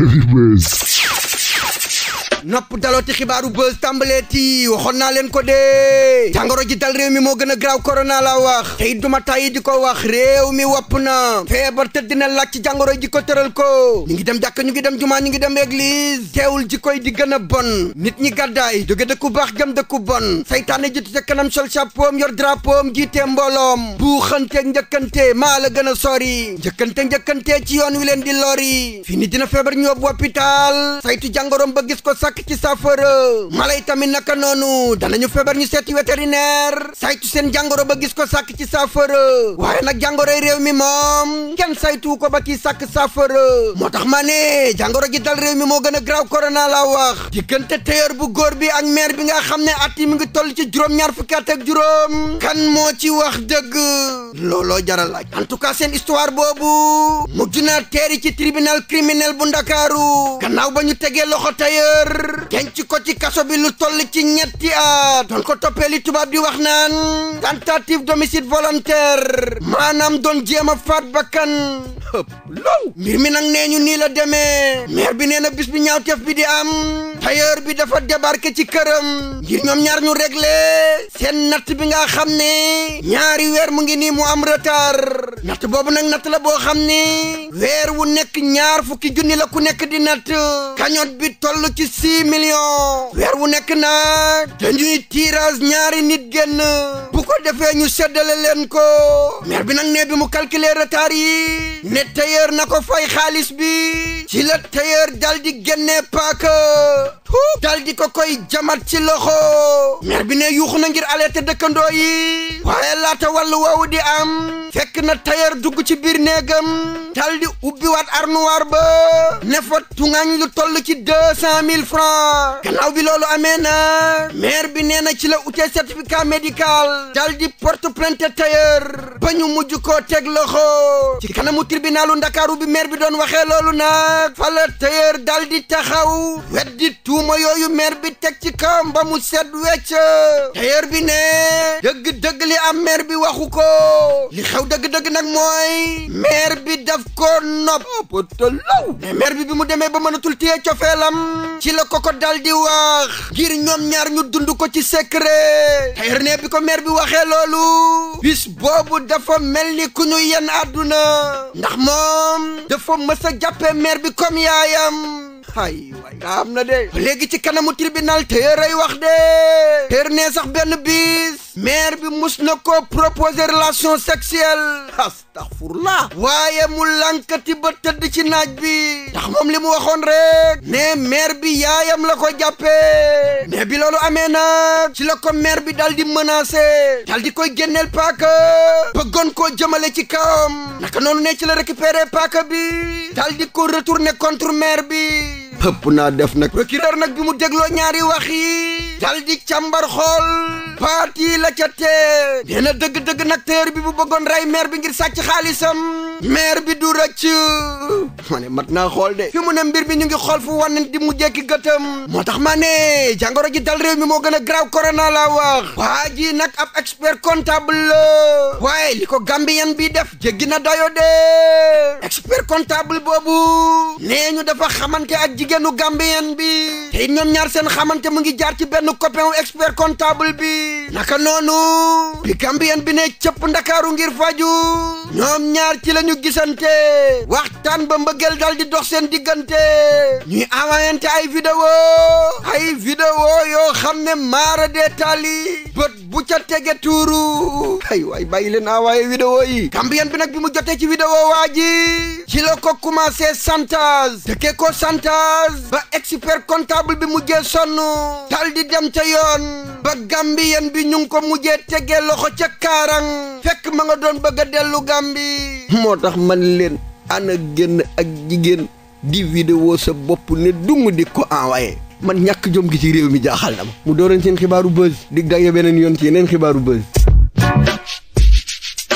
Anyways. nopp dalooti xibaaru buzz tàmbaleeti waxoon naa leen ko dee jàngoro ji dal réew mi moo gën a graaw corona la wax tey duma tàyyi di ko wax réew mi wopp na feebar tëdd na laaj ci jàngoro ji ko tëral ko ñu ngi dem jàkk ñu ngi dem jumaa ñu ngi dem église teewul ji koy di gën a bon nit ñi gàddaay jóge dëkku baax jëm dëkku bon saytaane jiitu ca kanam sol chapeau yor drapeau jiite mbooloom buuxanteeg njëkkante maa la gën a sori njëkkante njëkkante ci yoon wi leen di lori fini dina feebar ñu yóbbu hôpital gis ko sax sàkk ci saafara mala yi tamit naka noonu dana ñu feebar ñu seeti vétérinaire saytu seen jàngoro ba gis ko sàkk ci saafara waaye nag jàngoroy réew mi moom kenn saytuwu ko ba kii sàkk saafara moo tax maa ne jàngoro ji dal réew mi moo gën a graaw corona laa wax diggante téyër bu góor bi ak maire bi nga xam ne at yi mi ngi toll ci juróom-ñaar fukki at ak juróom kan moo ci wax dëgg looloo jaral laaj en tout cas seen histoire boobu mujj naa teeri ci tribunal criminel bu Ndakaaru gannaaw denc ko ci kaso bi lu ci ñetti at doon ko toppee li tubaab di wax naan tentative d'homicide volontaire maanaam doon jéem a faat bakkan ëpp low mbir mi nag nee ñu nii la demee maire bi nee na bis bi ñaawteef bi di am tailleur bi dafa débarqué ci këram ngir ñoom ñaar ñu réglé seen natt bi nga xam ne ñaari weer mu ngi nii mu am retard natt boobu nag natt la boo xam ne weer wu nekk ñaar fukki junni la ku nekk di natt cagnotte bi toll ci six millions weer wu nekk nag dañuy tirage ñaari nit génn bu ko defee ñu seddale leen ko maire bi nag nee bi mu calculer retard yi ne tailleur na ko fay xaalis bi ci la tailleur dal di génnee paaka dal di ko koy jamat ci loxo maire bi ne yuux na ngir alerter dëkkandoo yi waaye laata wàllu woowu di am fekk na tailleur dugg ci biir néegam daldi ubbiwaat armoire ba ne fa tuŋaañ lu toll ci deux cent mille bi loolu amee na maire bi nee ci la utee certificat médical daldi porte plainte tailleur ba mujj koo teg loxo ci kanamu tribunalu ndakaaru bi maire bi doon waxee loolu nag fa la daldi taxaw weddi tuuma yooyu maire bi teg ci kawam ba mu wecc tailleur bi ne dëgg dëgg li am maire maire bi waxu ko li xew dëgg-dëgg nag mooy maire bi daf ko noppata oh, law mais maire bi bi mu demee ba mënatul téye cofeelam ci la ko ko dal di wax ngir ñoom ñaar ñu dund ko ci secret tayar ne bi ko maire bi waxee loolu bis boobu dafa mel ni ku ñu yenn àdduna ndax moom dafa mës a jàppee maire bi comme yaayam ay waay am na de léegi ci kanamu tribunal téeray wax de téer ne sax benn bis maire bi mus na ko proposer relation sexuelle astaghfirullah waaye mu lankati ba tëdd ci naaj bi ndax moom li mu waxoon rek ne maire bi yaayam la ko jàppee mais bi loolu amee nag ci la ko maire bi dal di menacer dal di koy génneel paaka bëggoon ko jëmale ci kawam naka noonu ne ci la récupérer paaka bi dal di ko retourner contre maire bi ëpp naa def nag procureur nag bi mu dégloo ñaari wax yi dal di càmbar xool parti la ca tee nee dëgg-dëgg nag teer bi bu bëggoon rey maire bi ngir sàcc xaalisam maire bi du rëcc ma ne mat naa xool de fi mu ne mbir mi ñu ngi xool fu wan di mu jekki gëtëm moo tax ma ne jàngoro ji dal réew mi moo gën a graaw corona laa wax waa ji nag ab expert comptable la waaye li ko gambien bi def jéggi na dayo de expert comptable boobu nee ñu dafa xamante ak jigéenu gambien bi te ñoom ñaar seen xaman xamante mu ngi jaar ci benn copain wu expert comptable bi naka noonu bi gambien bi ne cëpp ndakaaru ngir faju ñoom ñaar ci lañu ñu gisante waxtaan ba mbëggeel dal di dox seen diggante ñuy envoyante ay vidéo ay vidéo yoo xam ne maara dee taali bët bu ca tege tuuru ay waay bàyyi leen envoyé yi Gambien bi nag bi mu jotee ci vidéo waa ji ci la ko commencé santage dëkkee ko santage ba expert comptable bi mujjee sonn tal di dem ca yoon ba gàmbiyan bi ñu ngi ko mujjee tegee loxo ca kaarang fekk ma nga doon bëgg a dellu Gambi moo tax man leen ana génn ak jigéen di vidéo sa bopp ne dung di ko envoyé man ñàkk jom gi ci réew mi jaaxal na ma mu dooroon seen xibaaru buzz dag daje beneen yoon ci yeneen xibaaru buzz